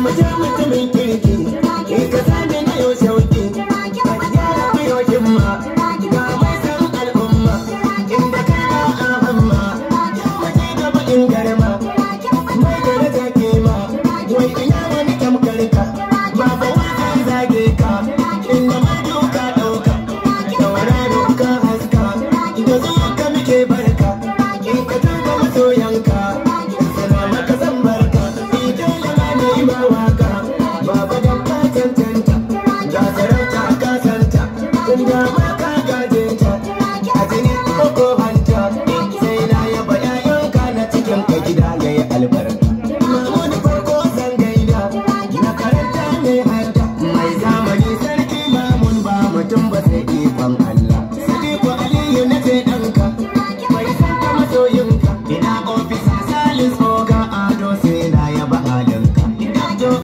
my